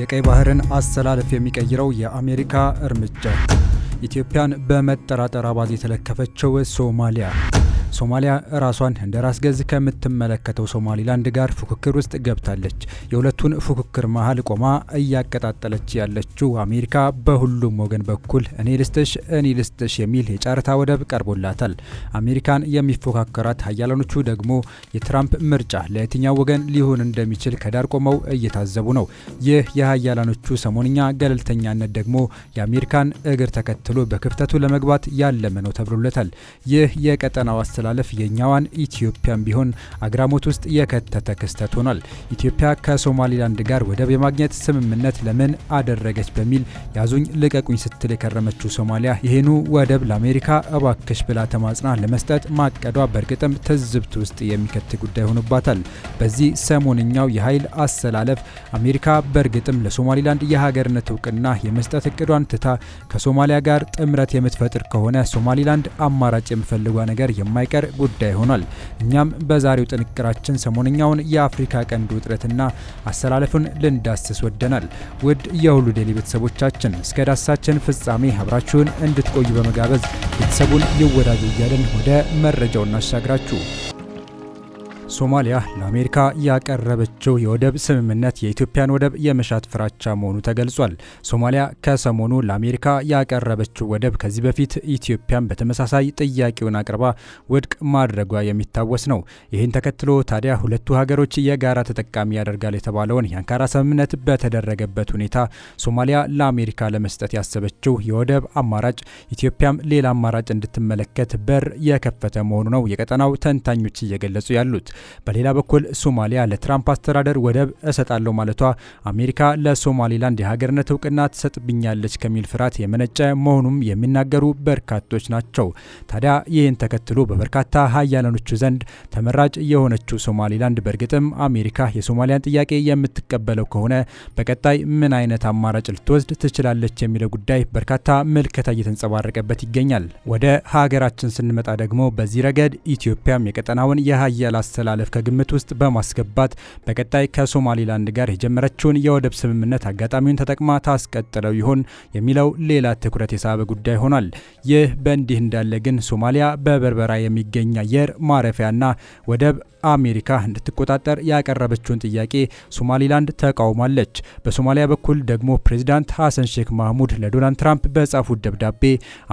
የቀይ ባህርን አሰላለፍ የሚቀይረው የአሜሪካ እርምጃ ኢትዮጵያን በመጠራጠር አባዝ የተለከፈችው ሶማሊያ ሶማሊያ ራሷን እንደ ራስ ገዝ ከምትመለከተው ሶማሊላንድ ጋር ፉክክር ውስጥ ገብታለች። የሁለቱን ፉክክር መሀል ቆማ እያቀጣጠለች ያለችው አሜሪካ በሁሉም ወገን በኩል እኔ ልስጥሽ፣ እኔ ልስጥሽ የሚል የጨረታ ወደብ ቀርቦላታል። አሜሪካን የሚፎካከራት ሀያላኖቹ ደግሞ የትራምፕ ምርጫ ለየትኛው ወገን ሊሆን እንደሚችል ከዳር ቆመው እየታዘቡ ነው። ይህ የሀያላኖቹ ሰሞንኛ ገለልተኛነት ደግሞ የአሜሪካን እግር ተከትሎ በክፍተቱ ለመግባት ያለመ ነው ተብሎለታል። ይህ የቀጠናው ማስተላለፍ የኛዋን ኢትዮጵያን ቢሆን አግራሞት ውስጥ የከተተ ክስተት ሆኗል። ኢትዮጵያ ከሶማሊላንድ ጋር ወደብ የማግኘት ስምምነት ለምን አደረገች በሚል ያዙኝ ልቀቁኝ ስትል የከረመችው ሶማሊያ ይህኑ ወደብ ለአሜሪካ እባክሽ ብላ ተማጽና ለመስጠት ማቀዷ በእርግጥም ትዝብት ውስጥ የሚከት ጉዳይ ሆኖባታል። በዚህ ሰሞንኛው የኃይል አሰላለፍ አሜሪካ በእርግጥም ለሶማሊላንድ የሀገርነት እውቅና የመስጠት እቅዷን ትታ ከሶማሊያ ጋር ጥምረት የምትፈጥር ከሆነ ሶማሊላንድ አማራጭ የምፈልጓ ነገር የማይ የማይቀር ጉዳይ ሆኗል። እኛም በዛሬው ጥንቅራችን ሰሞንኛውን የአፍሪካ ቀንድ ውጥረትና አሰላለፉን ልንዳስስ ወደናል። ውድ የሁሉ ዴይሊ ቤተሰቦቻችን እስከ ዳሳችን ፍጻሜ አብራችሁን እንድትቆዩ በመጋበዝ ቤተሰቡን ይወዳጁ እያለን ወደ መረጃው እናሻግራችሁ። ሶማሊያ ለአሜሪካ ያቀረበችው የወደብ ስምምነት የኢትዮጵያን ወደብ የመሻት ፍራቻ መሆኑ ተገልጿል። ሶማሊያ ከሰሞኑ ለአሜሪካ ያቀረበችው ወደብ ከዚህ በፊት ኢትዮጵያን በተመሳሳይ ጥያቄውን አቅርባ ውድቅ ማድረጓ የሚታወስ ነው። ይህን ተከትሎ ታዲያ ሁለቱ ሀገሮች የጋራ ተጠቃሚ ያደርጋል የተባለውን የአንካራ ስምምነት በተደረገበት ሁኔታ ሶማሊያ ለአሜሪካ ለመስጠት ያሰበችው የወደብ አማራጭ ኢትዮጵያም ሌላ አማራጭ እንድትመለከት በር የከፈተ መሆኑ ነው የቀጠናው ተንታኞች እየገለጹ ያሉት። በሌላ በኩል ሶማሊያ ለትራምፕ አስተዳደር ወደብ እሰጣለሁ ማለቷ አሜሪካ ለሶማሌላንድ የሀገርነት እውቅና ትሰጥብኛለች ከሚል ፍርሃት የመነጨ መሆኑም የሚናገሩ በርካቶች ናቸው። ታዲያ ይህን ተከትሎ በበርካታ ሀያላኖቹ ዘንድ ተመራጭ የሆነችው ሶማሌላንድ በእርግጥም አሜሪካ የሶማሊያን ጥያቄ የምትቀበለው ከሆነ በቀጣይ ምን አይነት አማራጭ ልትወስድ ትችላለች የሚለው ጉዳይ በርካታ ምልከታ እየተንጸባረቀበት ይገኛል። ወደ ሀገራችን ስንመጣ ደግሞ በዚህ ረገድ ኢትዮጵያም የቀጠናውን የሀያል አሰላ መተላለፍ ከግምት ውስጥ በማስገባት በቀጣይ ከሶማሌላንድ ጋር የጀመረችውን የወደብ ስምምነት አጋጣሚውን ተጠቅማ ታስቀጥለው ይሆን የሚለው ሌላ ትኩረት የሳበ ጉዳይ ሆኗል። ይህ በእንዲህ እንዳለ ግን ሶማሊያ በበርበራ የሚገኝ አየር ማረፊያና ወደብ አሜሪካ እንድትቆጣጠር ያቀረበችውን ጥያቄ ሶማሊላንድ ተቃውማለች። በሶማሊያ በኩል ደግሞ ፕሬዚዳንት ሐሰን ሼክ ማህሙድ ለዶናልድ ትራምፕ በጻፉት ደብዳቤ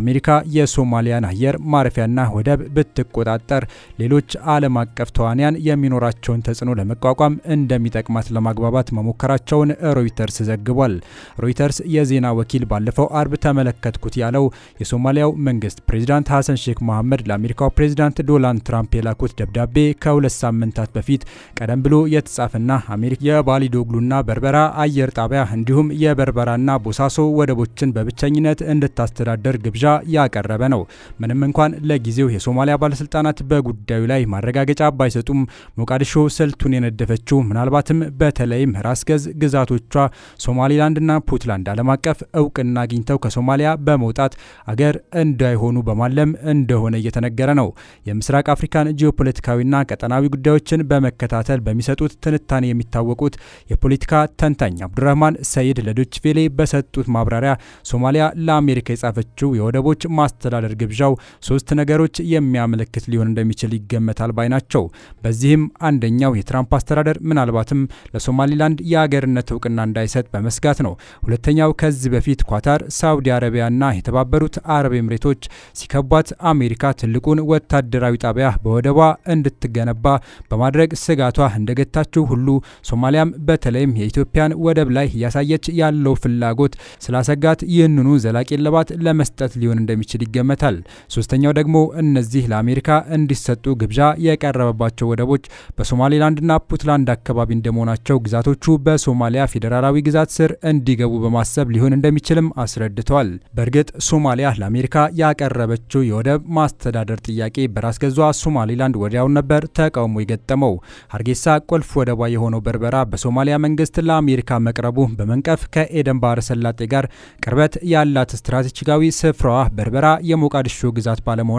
አሜሪካ የሶማሊያን አየር ማረፊያና ወደብ ብትቆጣጠር ሌሎች ዓለም አቀፍ ተዋንያን የሚኖራቸውን ተጽዕኖ ለመቋቋም እንደሚጠቅማት ለማግባባት መሞከራቸውን ሮይተርስ ዘግቧል። ሮይተርስ የዜና ወኪል ባለፈው አርብ ተመለከትኩት ያለው የሶማሊያው መንግስት ፕሬዚዳንት ሐሰን ሼክ መሐመድ ለአሜሪካው ፕሬዚዳንት ዶናልድ ትራምፕ የላኩት ደብዳቤ ከሁለት ከሁለት ሳምንታት በፊት ቀደም ብሎ የተጻፈና አሜሪካ የባሊዶግሉና በርበራ አየር ጣቢያ እንዲሁም የበርበራና ቦሳሶ ወደቦችን በብቸኝነት እንድታስተዳደር ግብዣ ያቀረበ ነው። ምንም እንኳን ለጊዜው የሶማሊያ ባለስልጣናት በጉዳዩ ላይ ማረጋገጫ ባይሰጡም ሞቃዲሾ ስልቱን የነደፈችው ምናልባትም በተለይም ራስ ገዝ ግዛቶቿ ሶማሊላንድና ፑትላንድ ዓለም አቀፍ እውቅና አግኝተው ከሶማሊያ በመውጣት አገር እንዳይሆኑ በማለም እንደሆነ እየተነገረ ነው። የምስራቅ አፍሪካን ጂኦፖለቲካዊና ቀጠናዊ ሀገራዊ ጉዳዮችን በመከታተል በሚሰጡት ትንታኔ የሚታወቁት የፖለቲካ ተንታኝ አብዱራህማን ሰይድ ለዶችቬሌ በሰጡት ማብራሪያ ሶማሊያ ለአሜሪካ የጻፈችው የወደቦች ማስተዳደር ግብዣው ሶስት ነገሮች የሚያመለክት ሊሆን እንደሚችል ይገመታል ባይ ናቸው። በዚህም አንደኛው የትራምፕ አስተዳደር ምናልባትም ለሶማሊላንድ የአገርነት እውቅና እንዳይሰጥ በመስጋት ነው። ሁለተኛው ከዚህ በፊት ኳታር፣ ሳውዲ አረቢያና የተባበሩት አረብ ኤምሬቶች ሲከቧት አሜሪካ ትልቁን ወታደራዊ ጣቢያ በወደቧ እንድትገነባ በማድረግ ስጋቷ እንደገታችው ሁሉ ሶማሊያም በተለይም የኢትዮጵያን ወደብ ላይ እያሳየች ያለው ፍላጎት ስላሰጋት ይህንኑ ዘላቂ እልባት ለመስጠት ሊሆን እንደሚችል ይገመታል። ሶስተኛው ደግሞ እነዚህ ለአሜሪካ እንዲሰጡ ግብዣ የቀረበባቸው ወደቦች በሶማሌላንድና ፑትላንድ አካባቢ እንደመሆናቸው ግዛቶቹ በሶማሊያ ፌዴራላዊ ግዛት ስር እንዲገቡ በማሰብ ሊሆን እንደሚችልም አስረድተዋል። በእርግጥ ሶማሊያ ለአሜሪካ ያቀረበችው የወደብ ማስተዳደር ጥያቄ በራስ ገዟ ሶማሌላንድ ወዲያውን ነበር ተቃ ተቃውሞ የገጠመው። ሀርጌሳ ቁልፍ ወደቧ የሆነው በርበራ በሶማሊያ መንግስት ለአሜሪካ መቅረቡ በመንቀፍ ከኤደን ባህረ ሰላጤ ጋር ቅርበት ያላት ስትራቴጂካዊ ስፍራዋ በርበራ የሞቃዲሾ ግዛት ባለመሆኗ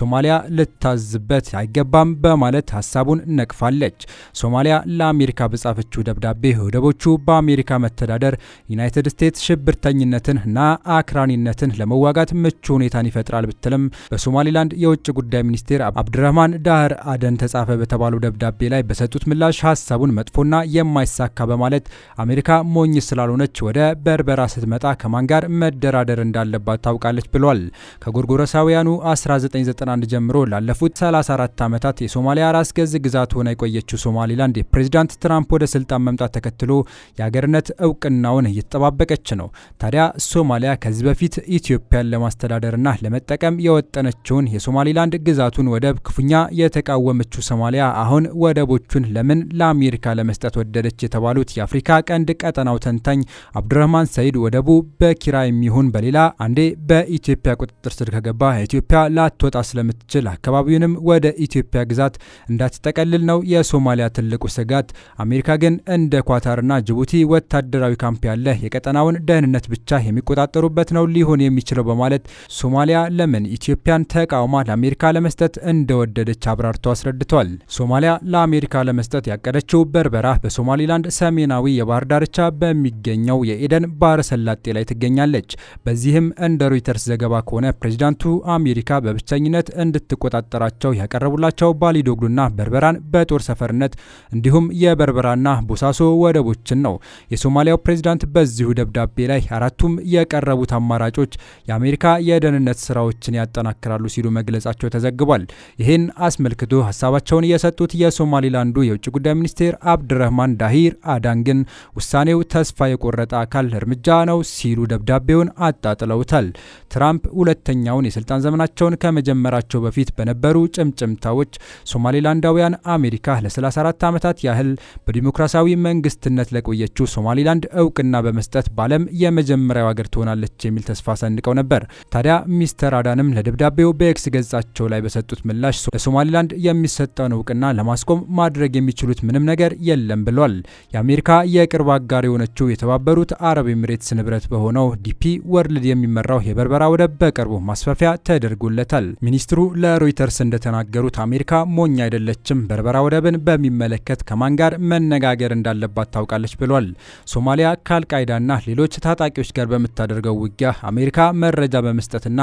ሶማሊያ ልታዝበት አይገባም በማለት ሀሳቡን ነቅፋለች። ሶማሊያ ለአሜሪካ በጻፈችው ደብዳቤ ወደቦቹ በአሜሪካ መተዳደር ዩናይትድ ስቴትስ ሽብርተኝነትን እና አክራሪነትን ለመዋጋት ምቹ ሁኔታን ይፈጥራል ብትልም በሶማሌላንድ የውጭ ጉዳይ ሚኒስቴር አብድራህማን ዳህር አደን ተጻፈ በተባለው ደብዳቤ ላይ በሰጡት ምላሽ ሀሳቡን መጥፎና የማይሳካ በማለት አሜሪካ ሞኝ ስላልሆነች ወደ በርበራ ስትመጣ ከማን ጋር መደራደር እንዳለባት ታውቃለች ብሏል። ከጎርጎረሳውያኑ 1991 ጀምሮ ላለፉት 34 ዓመታት የሶማሊያ ራስ ገዝ ግዛት ሆና የቆየችው ሶማሊላንድ የፕሬዚዳንት ትራምፕ ወደ ስልጣን መምጣት ተከትሎ የአገርነት እውቅናውን እየተጠባበቀች ነው። ታዲያ ሶማሊያ ከዚህ በፊት ኢትዮጵያን ለማስተዳደርና ለመጠቀም የወጠነችውን የሶማሊላንድ ግዛቱን ወደብ ክፉኛ የተቃወመችው ሶማ ሶማሊያ አሁን ወደቦቹን ለምን ለአሜሪካ ለመስጠት ወደደች የተባሉት የአፍሪካ ቀንድ ቀጠናው ተንታኝ አብዱረህማን ሰይድ ወደቡ በኪራይ የሚሆን በሌላ አንዴ በኢትዮጵያ ቁጥጥር ስር ከገባ ኢትዮጵያ ላትወጣ ስለምትችል አካባቢውንም ወደ ኢትዮጵያ ግዛት እንዳትጠቀልል ነው የሶማሊያ ትልቁ ስጋት። አሜሪካ ግን እንደ ኳታርና ጅቡቲ ወታደራዊ ካምፕ ያለ የቀጠናውን ደህንነት ብቻ የሚቆጣጠሩበት ነው ሊሆን የሚችለው በማለት ሶማሊያ ለምን ኢትዮጵያን ተቃውማ ለአሜሪካ ለመስጠት እንደወደደች አብራርቶ አስረድቷል። ሶማሊያ ለአሜሪካ ለመስጠት ያቀደችው በርበራ በሶማሊላንድ ሰሜናዊ የባህር ዳርቻ በሚገኘው የኤደን ባህረ ሰላጤ ላይ ትገኛለች። በዚህም እንደ ሮይተርስ ዘገባ ከሆነ ፕሬዚዳንቱ አሜሪካ በብቸኝነት እንድትቆጣጠራቸው ያቀረቡላቸው ባሊዶግሉና በርበራን በጦር ሰፈርነት እንዲሁም የበርበራና ቦሳሶ ወደቦችን ነው። የሶማሊያው ፕሬዚዳንት በዚሁ ደብዳቤ ላይ አራቱም የቀረቡት አማራጮች የአሜሪካ የደህንነት ስራዎችን ያጠናክራሉ ሲሉ መግለጻቸው ተዘግቧል። ይህን አስመልክቶ ሀሳባቸውን ቃላቸውን የሰጡት የሶማሊላንዱ የውጭ ጉዳይ ሚኒስቴር አብድረህማን ዳሂር አዳን ግን ውሳኔው ተስፋ የቆረጠ አካል እርምጃ ነው ሲሉ ደብዳቤውን አጣጥለውታል። ትራምፕ ሁለተኛውን የስልጣን ዘመናቸውን ከመጀመራቸው በፊት በነበሩ ጭምጭምታዎች ሶማሊላንዳውያን አሜሪካ ለ34 ዓመታት ያህል በዲሞክራሲያዊ መንግስትነት ለቆየችው ሶማሊላንድ እውቅና በመስጠት በዓለም የመጀመሪያው ሀገር ትሆናለች የሚል ተስፋ ሰንቀው ነበር። ታዲያ ሚስተር አዳንም ለደብዳቤው በኤክስ ገጻቸው ላይ በሰጡት ምላሽ ለሶማሊላንድ የሚሰጠው ያለውን እውቅና ለማስቆም ማድረግ የሚችሉት ምንም ነገር የለም ብሏል። የአሜሪካ የቅርብ አጋር የሆነችው የተባበሩት አረብ ኤምሬትስ ንብረት በሆነው ዲፒ ወርልድ የሚመራው የበርበራ ወደብ በቅርቡ ማስፋፊያ ተደርጎለታል። ሚኒስትሩ ለሮይተርስ እንደተናገሩት አሜሪካ ሞኝ አይደለችም፣ በርበራ ወደብን በሚመለከት ከማን ጋር መነጋገር እንዳለባት ታውቃለች ብሏል። ሶማሊያ ከአልቃይዳና ሌሎች ታጣቂዎች ጋር በምታደርገው ውጊያ አሜሪካ መረጃ በመስጠትና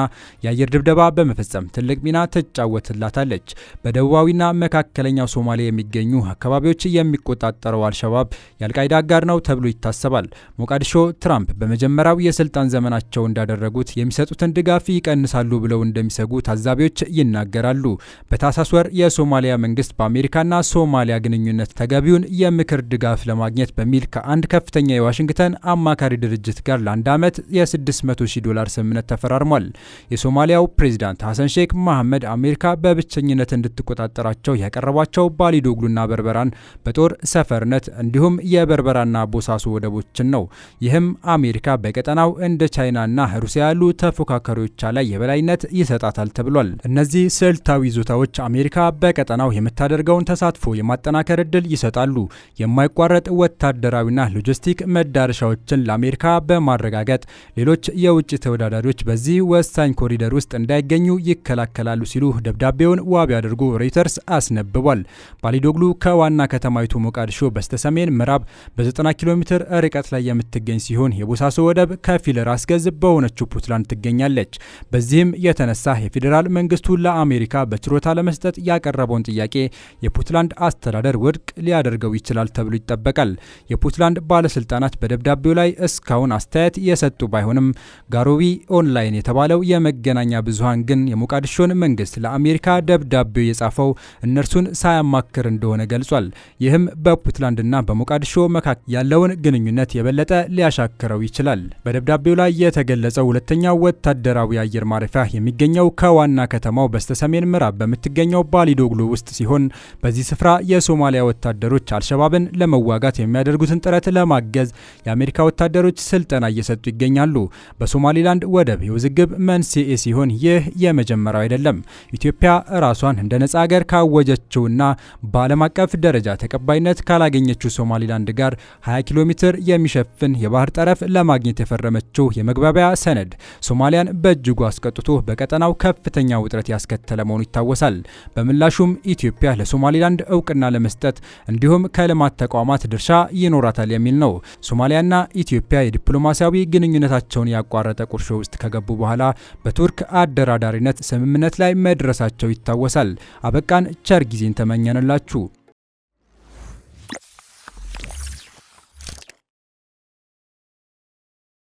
የአየር ድብደባ በመፈጸም ትልቅ ሚና ትጫወትላታለች። በደቡባዊና መካ በመካከለኛው ሶማሌ የሚገኙ አካባቢዎች የሚቆጣጠረው አልሸባብ የአልቃይዳ አጋር ነው ተብሎ ይታሰባል። ሞቃዲሾ ትራምፕ በመጀመሪያው የስልጣን ዘመናቸው እንዳደረጉት የሚሰጡትን ድጋፍ ይቀንሳሉ ብለው እንደሚሰጉ ታዛቢዎች ይናገራሉ። በታህሳስ ወር የሶማሊያ መንግስት በአሜሪካና ሶማሊያ ግንኙነት ተገቢውን የምክር ድጋፍ ለማግኘት በሚል ከአንድ ከፍተኛ የዋሽንግተን አማካሪ ድርጅት ጋር ለአንድ ዓመት የ600 ሺህ ዶላር ስምምነት ተፈራርሟል። የሶማሊያው ፕሬዚዳንት ሐሰን ሼክ መሐመድ አሜሪካ በብቸኝነት እንድትቆጣጠራቸው ያቀረቧቸው ባሊዶግሉና በርበራን በጦር ሰፈርነት እንዲሁም የበርበራና ቦሳሶ ወደቦችን ነው። ይህም አሜሪካ በቀጠናው እንደ ቻይናና ሩሲያ ያሉ ተፎካካሪዎቿ ላይ የበላይነት ይሰጣታል ተብሏል። እነዚህ ስልታዊ ይዞታዎች አሜሪካ በቀጠናው የምታደርገውን ተሳትፎ የማጠናከር እድል ይሰጣሉ። የማይቋረጥ ወታደራዊና ሎጂስቲክ መዳረሻዎችን ለአሜሪካ በማረጋገጥ ሌሎች የውጭ ተወዳዳሪዎች በዚህ ወሳኝ ኮሪደር ውስጥ እንዳይገኙ ይከላከላሉ ሲሉ ደብዳቤውን ዋቢ አድርጎ ሮይተርስ አስነ አስነብቧል። ባሊዶግሉ ከዋና ከተማይቱ ሞቃዲሾ በስተሰሜን ምዕራብ በ90 ኪሎ ሜትር ርቀት ላይ የምትገኝ ሲሆን የቦሳሶ ወደብ ከፊል ራስ ገዝ በሆነችው ፑትላንድ ትገኛለች። በዚህም የተነሳ የፌዴራል መንግስቱ ለአሜሪካ በችሮታ ለመስጠት ያቀረበውን ጥያቄ የፑትላንድ አስተዳደር ውድቅ ሊያደርገው ይችላል ተብሎ ይጠበቃል። የፑትላንድ ባለስልጣናት በደብዳቤው ላይ እስካሁን አስተያየት የሰጡ ባይሆንም ጋሮዊ ኦንላይን የተባለው የመገናኛ ብዙሃን ግን የሞቃዲሾን መንግስት ለአሜሪካ ደብዳቤው የጻፈው እነርሱ እርሱን ሳያማክር እንደሆነ ገልጿል። ይህም በፑንትላንድና በሞቃዲሾ መካከል ያለውን ግንኙነት የበለጠ ሊያሻክረው ይችላል። በደብዳቤው ላይ የተገለጸው ሁለተኛው ወታደራዊ አየር ማረፊያ የሚገኘው ከዋና ከተማው በስተሰሜን ምዕራብ በምትገኘው ባሊዶግሎ ውስጥ ሲሆን በዚህ ስፍራ የሶማሊያ ወታደሮች አልሸባብን ለመዋጋት የሚያደርጉትን ጥረት ለማገዝ የአሜሪካ ወታደሮች ስልጠና እየሰጡ ይገኛሉ። በሶማሊላንድ ወደብ የውዝግብ መንስኤ ሲሆን ይህ የመጀመሪያው አይደለም። ኢትዮጵያ ራሷን እንደ ነጻ ሀገር ካወጀ ካደረገችውና በዓለም አቀፍ ደረጃ ተቀባይነት ካላገኘችው ሶማሊላንድ ጋር 20 ኪሎ ሜትር የሚሸፍን የባህር ጠረፍ ለማግኘት የፈረመችው የመግባቢያ ሰነድ ሶማሊያን በእጅጉ አስቀጥቶ በቀጠናው ከፍተኛ ውጥረት ያስከተለ መሆኑ ይታወሳል። በምላሹም ኢትዮጵያ ለሶማሊላንድ እውቅና ለመስጠት እንዲሁም ከልማት ተቋማት ድርሻ ይኖራታል የሚል ነው። ሶማሊያና ኢትዮጵያ የዲፕሎማሲያዊ ግንኙነታቸውን ያቋረጠ ቁርሾ ውስጥ ከገቡ በኋላ በቱርክ አደራዳሪነት ስምምነት ላይ መድረሳቸው ይታወሳል። አበቃን። ቸር ጊዜን ተመኘንላችሁ።